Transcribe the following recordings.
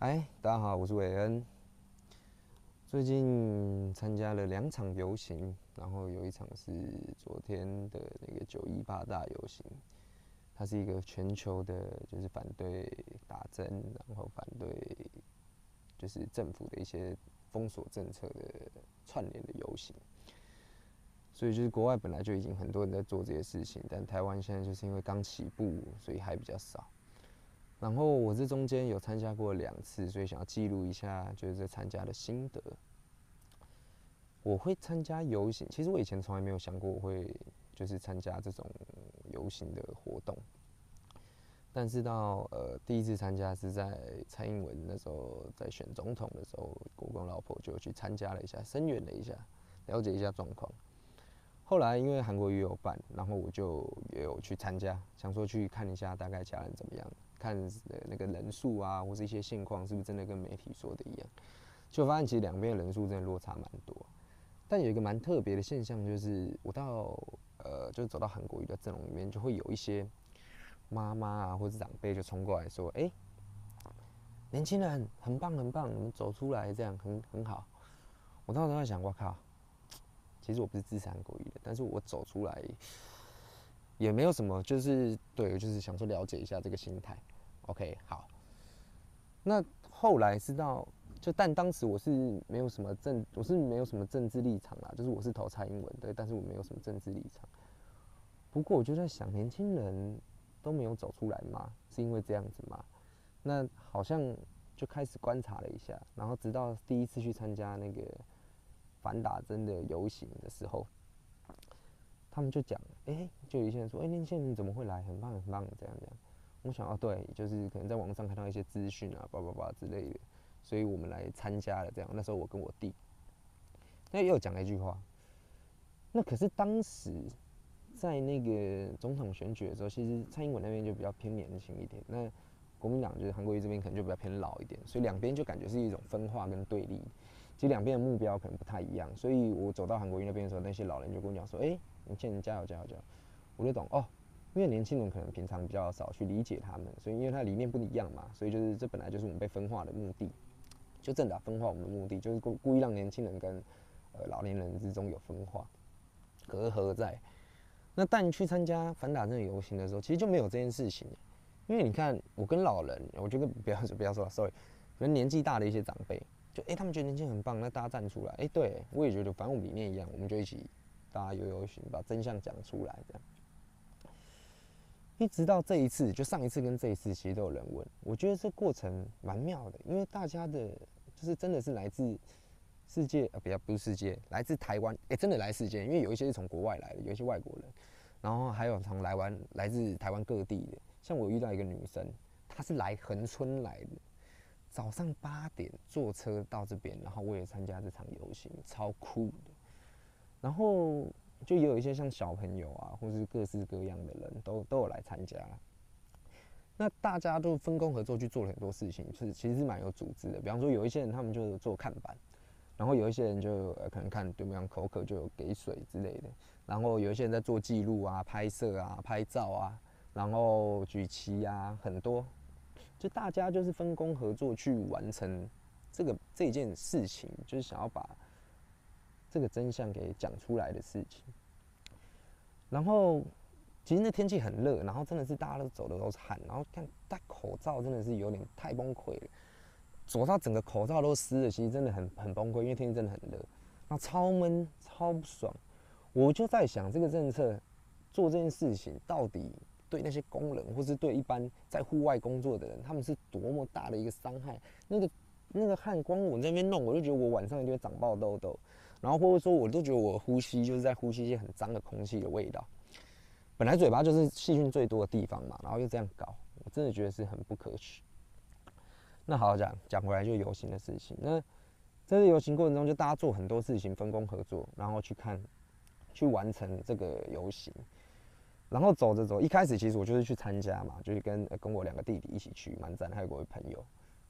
哎，Hi, 大家好，我是韋恩。最近參加了兩場遊行，然後有一場是昨天的那個九一八大遊行，它是一個全球的，就是反對打針，然後反對就是政府的一些封鎖政策的串聯的遊行。所以就是國外本來就已經很多人在做這些事情，但台灣現在就是因為剛起步，所以還比較少。然後我這中間有參加過兩次，所以想要記錄一下，就是參加的心得。我會參加遊行，其實我以前從來沒有想過我會就是參加這種遊行的活動。但是到呃第一次參加是在蔡英文那時候在選總統的時候，我跟我老婆就去參加了一下，聲援了一下，了解一下狀況。後來因為韓國瑜也有辦，然後我就也有去參加，想說去看一下大概家人怎麼樣。看那個人數啊，或是一些現況，是不是真的跟媒體說的一樣？就發現其實兩邊的人數真的落差蠻多。但有一個蠻特別的現象，就是我到呃，就是走到韓國瑜的陣容裡面，就會有一些媽媽啊，或者長輩就衝過來說：“哎、欸，年輕人很棒，很棒，你們走出來這樣很很好。”我當時在想：“我靠，其實我不是支持韓國瑜的，但是我走出來也沒有什麼，就是對，就是想說了解一下這個心態。” OK，好。那後來知道，就，但當時我是沒有什麼政，我是沒有什麼政治立場啦。就是我是投蔡英文的，但是我沒有什麼政治立場。不過我就在想，年輕人都沒有走出來嘛？是因為這樣子嘛？那好像就開始觀察了一下，然後直到第一次去參加那個反打針的遊行的時候，他們就講，誒，就有一些人說，誒，年輕人怎麼會來？很棒，很棒，這樣這樣。我想要、哦、對，就是可能在網上看到一些資訊啊，叭叭叭之類的，所以我們來參加了這樣。那時候我跟我弟，那又講了一句話。那可是當時在那個總統選舉的時候，其實蔡英文那邊就比較偏年輕一點，那國民黨就是韓國瑜這邊可能就比較偏老一點，所以兩邊就感覺是一種分化跟對立。其實兩邊的目標可能不太一樣，所以我走到韓國瑜那邊的時候，那些老人就跟我講說：“說，哎，年輕人加油加油加油！”我就懂哦。因為年輕人可能平常比較少去理解他們，所以因為他理念不一樣嘛，所以就是這本來就是我們被分化的目的，就正打分化我們的目的，就是故故意讓年輕人跟呃老年人之中有分化隔閡在。那但你去參加反打這種遊行的時候，其實就沒有這件事情，因為你看我跟老人，我覺得不要不要說，sorry，可能年紀大的一些長輩，就哎、欸、他們覺得年輕人很棒，那大家站出來、欸，哎對我也覺得反正我們理念一樣，我們就一起大家遊遊行，把真相講出來這樣。一直到這一次，就上一次跟這一次，其實都有人問。我覺得這過程蠻妙的，因為大家的，就是真的是來自世界啊，比較不是世界，來自台灣，哎，真的來世界，因為有一些是從國外來的，有一些外國人，然後還有從來灣，來自台灣各地的。像我遇到一個女生，她是來恆春來的，早上八點坐車到這邊，然後我也參加這場遊行，超酷的。然後。就也有一些像小朋友啊，或是各式各樣的人都都有來參加，那大家都分工合作去做了很多事情，是其實是蠻有組織的。比方說，有一些人他們就做看板，然後有一些人就可能看，對面口渴就有給水之類的，然後有一些人在做記錄啊、拍攝啊、拍照啊，然後舉旗啊，很多，就大家就是分工合作去完成這個這件事情，就是想要把。這個真相給講出來的事情，然後其實那天氣很熱，然後真的是大家都走的都是汗。然後看戴口罩真的是有點太崩潰了，走到整個口罩都濕了。其實真的很很崩潰，因為天氣真的很熱，那超悶超不爽。我就在想，這個政策做這件事情到底對那些工人，或是對一般在戶外工作的人，他們是多麼大的一個傷害、那個？那個那個汗，光我這邊弄，我就覺得我晚上就會長爆痘痘。然後或者說，我都覺得我呼吸就是在呼吸一些很髒的空氣的味道。本來嘴巴就是細菌最多的地方嘛，然後又這樣搞，我真的覺得是很不可取。那好好講，講回來就遊行的事情。那在這遊行過程中，就大家做很多事情，分工合作，然後去看，去完成這個遊行。然後走着走，一開始其實我就是去參加嘛，就是跟跟我兩個弟弟一起去，蠻讚的，還有各位朋友。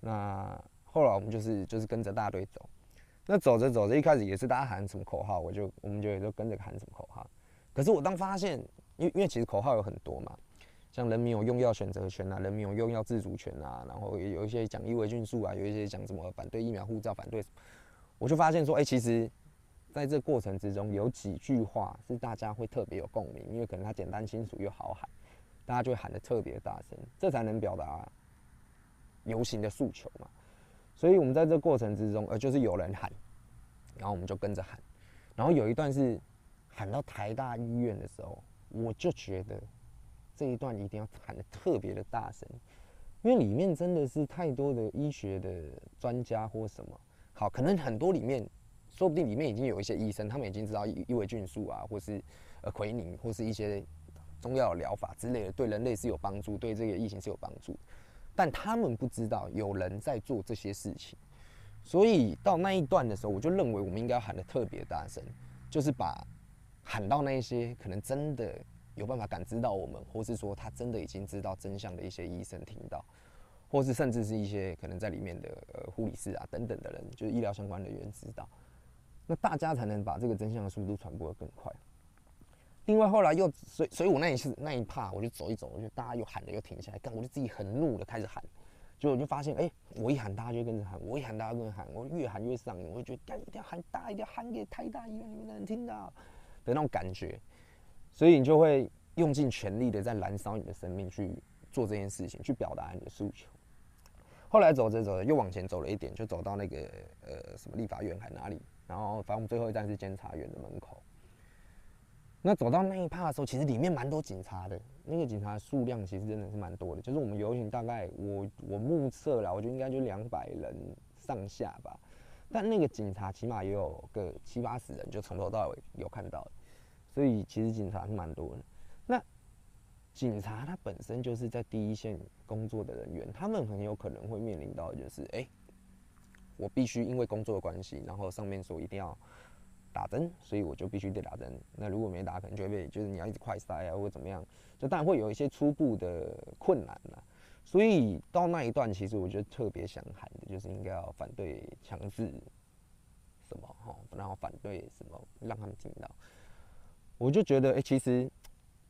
那後來我們就是就是跟着大隊走。那走着走着，一開始也是大家喊什麼口號，我就我們就也都跟着喊什麼口號。可是我當發現，因為因為其實口號有很多嘛，像人民有用藥選擇權啊，人民有用藥自主權啊，然後也有一些講伊維菌素啊，有一些講什麼反對疫苗護照，反對什麼……我就發現說，哎，其實在這過程之中，有幾句話是大家會特別有共鳴，因為可能它簡單清楚又好喊，大家就會喊得特別大聲，這才能表達遊行的訴求嘛。所以，我們在這過程之中，呃，就是有人喊，然後我們就跟着喊。然後有一段是喊到台大醫院的時候，我就覺得這一段一定要喊得特別的大聲，因為裡面真的是太多的醫學的專家或什麼。好，可能很多裡面，說不定裡面已經有一些醫生，他們已經知道伊維菌素啊，或是呃奎寧或是一些中藥療法之類的，對人類是有幫助，對這個疫情是有幫助。但他們不知道有人在做這些事情，所以到那一段的時候，我就認為我們應該要喊得特別大聲，就是把喊到那一些可能真的有辦法感知到我們，或是說他真的已經知道真相的一些醫生聽到，或是甚至是一些可能在裡面的呃護理師啊等等的人，就是醫療相關的人知道，那大家才能把這個真相的速度傳播得更快。另外後來又，所以所以我那一次那一趴，我就走一走，我就大家又喊了又停下來，幹，我就自己很怒的開始喊，就我就發現，哎，我一喊大家就跟着喊，我一喊大家跟着喊，我越喊越上癮，我就覺得一定要喊大，一定要喊給台大醫院，因為你們能聽到的那種感覺，所以你就會用盡全力的在燃燒你的生命去做這件事情，去表達你的訴求。後來走着走着又往前走了一點，就走到那個呃什麼立法院還哪裡，然後反正我們最後一站是監察院的門口。那走到那一趴的時候，其實裡面蠻多警察的。那個警察數量其實真的是蠻多的，就是我們遊行大概我我目測了，我覺得應該就兩百人上下吧。但那個警察起碼也有個七八十人，就從頭到尾有看到，所以其實警察是蠻多的。那警察他本身就是在第一線工作的人員，他們很有可能會面臨到的就是，誒，我必須因為工作的關係，然後上面說一定要。打針，所以我就必須得打針。那如果沒打，可能就會被就是你要一直快塞啊，或者怎麼樣。就當然會有一些初步的困難。所以到那一段，其實我覺得特別想喊的就是應該要反對強制什麼哈，然後反對什麼，讓他們聽到。我就覺得，哎，其實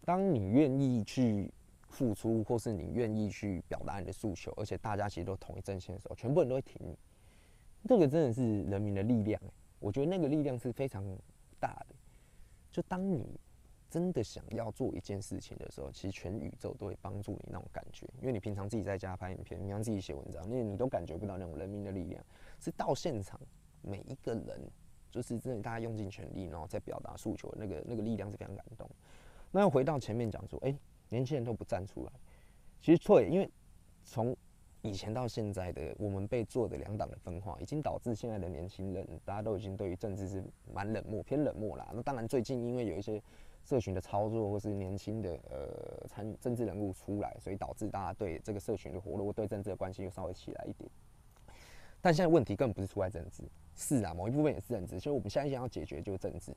當你願意去付出，或是你願意去表達你的訴求，而且大家其實都同一陣線的時候，全部人都會挺你。這個真的是人民的力量。欸，我覺得那個力量是非常大的。就當你真的想要做一件事情的時候，其實全宇宙都會幫助你那種感覺。因為你平常自己在家拍影片，平常自己寫文章，那你都感覺不到那種人民的力量。是到現場每一個人，就是真的大家用盡全力，然後在表達訴求，那個那個力量是非常感動。那又回到前面講說，哎，年輕人都不站出來，其實錯也因為從以前到現在的我們被做的兩黨的分化，已經導致現在的年輕人大家都已經對於政治是蠻冷漠、偏冷漠啦。那當然最近因為有一些社群的操作，或是年輕的呃參政治人物出來，所以導致大家對這個社群的活絡，或對政治的關係又稍微起來一點。但現在問題根本不是出在政治，是啊，某一部分也是政治。所以我們現在要解決就是政治，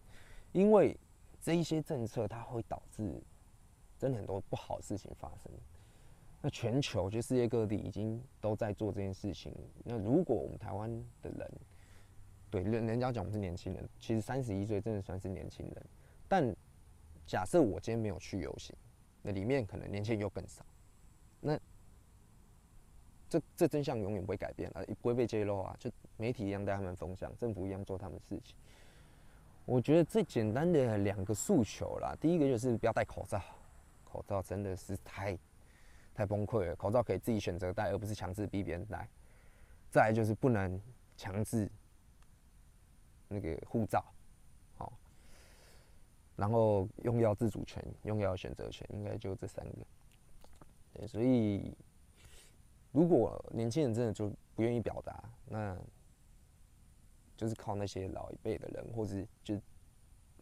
因為這一些政策它會導致真的很多不好的事情發生。那全球就世界各地已經都在做這件事情。那如果我們台灣的人，對人人家講我們是年輕人，其實三十一歲真的算是年輕人。但假設我今天沒有去遊行，那裡面可能年輕人又更少。那這這真相永遠不會改變啊，也不會被揭露啊。就媒體一樣帶他們風向，政府一樣做他們的事情。我覺得最簡單的兩個訴求啦，第一個就是不要戴口罩，口罩真的是太。太崩潰了！口罩可以自己選擇戴，而不是強制逼別人戴。再來就是不能強制那個護照，好。然後用藥自主權、用藥選擇權，應該就這三個。所以，如果年輕人真的就不願意表達，那就是靠那些老一輩的人，或者是就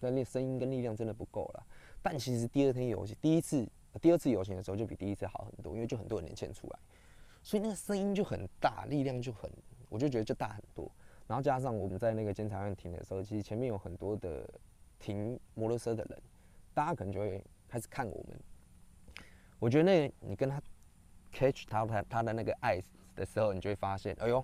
那聲音跟力量真的不夠了。但其實第二天遊行，第一次。第二次遊行的時候就比第一次好很多，因為就很多人前出來，所以那個聲音就很大，力量就很，我就覺得就大很多。然後加上我們在那個監察院停的時候，其實前面有很多的停摩托車的人，大家可能就會開始看我們。我覺得那，你跟他 catch 他他他的那個 eyes 的時候，你就會發現，哎呦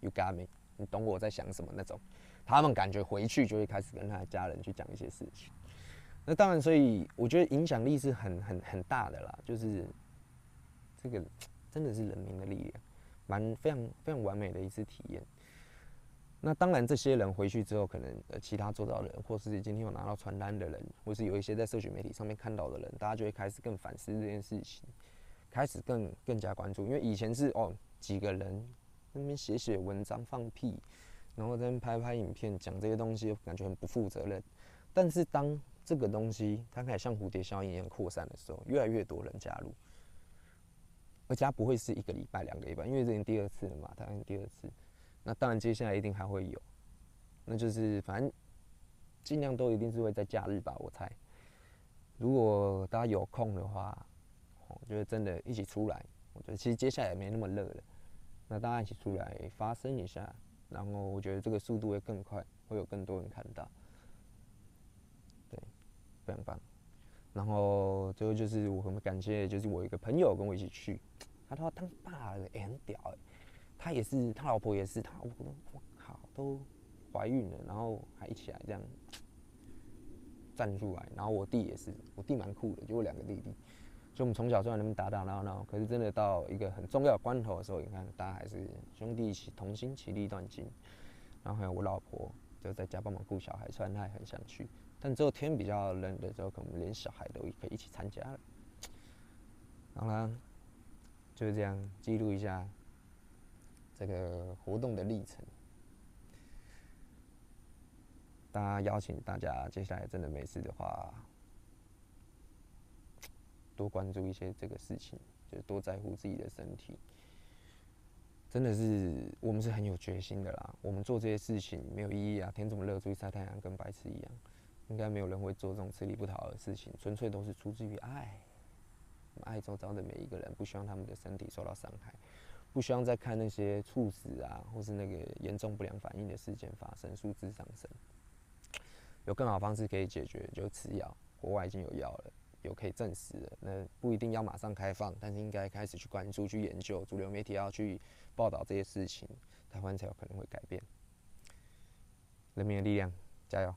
，you got me，你懂我在想什麼那種。他們感覺回去就會開始跟他的家人去講一些事情。那當然，所以我覺得影響力是很很很大的啦。就是這個真的是人民的力量，蠻非常非常完美的一次體驗。那當然，這些人回去之後，可能呃其他做到的人，或是今天有拿到傳單的人，或是有一些在社群媒體上面看到的人，大家就會開始更反思這件事情，開始更更加關注。因為以前是哦、喔、幾個人那邊寫寫文章放屁，然後在那拍拍影片講這些東西，感覺很不負責任。但是當這個東西它開始像蝴蝶效應一樣擴散的時候，越來越多人加入，而且它不會是一個禮拜、兩個禮拜，因為這已經第二次了嘛，它已經第二次，那當然接下來一定還會有，那就是反正儘量都一定是會在假日吧，我猜。如果大家有空的話，我覺得真的一起出來，我覺得其實接下來也沒那麼熱了，那大家一起出來發聲一下，然後我覺得這個速度會更快，會有更多人看到。樣棒，然後最後就是我很感謝，就是我一個朋友跟我一起去，他說當爸也、欸、很屌、欸、他也是他老婆也是他，我靠都懷孕了，然後還一起來這樣站出來，然後我弟也是，我弟蠻酷的，就我兩個弟弟，就我們從小雖然能打打鬧鬧，可是真的到一個很重要的關頭的時候，你看大家還是兄弟一起同心其利斷金，然後還有我老婆就在家幫忙顧小孩，雖然她也很想去。但之後天比較冷的時候，可能連小孩都可以一起參加了。然後，就是這樣記錄一下這個活動的歷程。大家邀請大家，接下來真的沒事的話，多關注一些這個事情，就是多在乎自己的身體。真的是我們是很有決心的啦。我們做這些事情沒有意義啊！天這麼熱，出去曬太陽跟白痴一樣。應該沒有人會做這種吃力不討好的事情，純粹都是出自於愛，愛周遭的每一個人，不希望他們的身體受到傷害，不希望再看那些猝死啊，或是那個嚴重不良反應的事件發生，數字上升。有更好方式可以解決，就是吃藥，國外已經有藥了，有可以證實了。那不一定要馬上開放，但是應該開始去關注、去研究，主流媒體要去報道這些事情，台灣才有可能會改變。人民的力量，加油！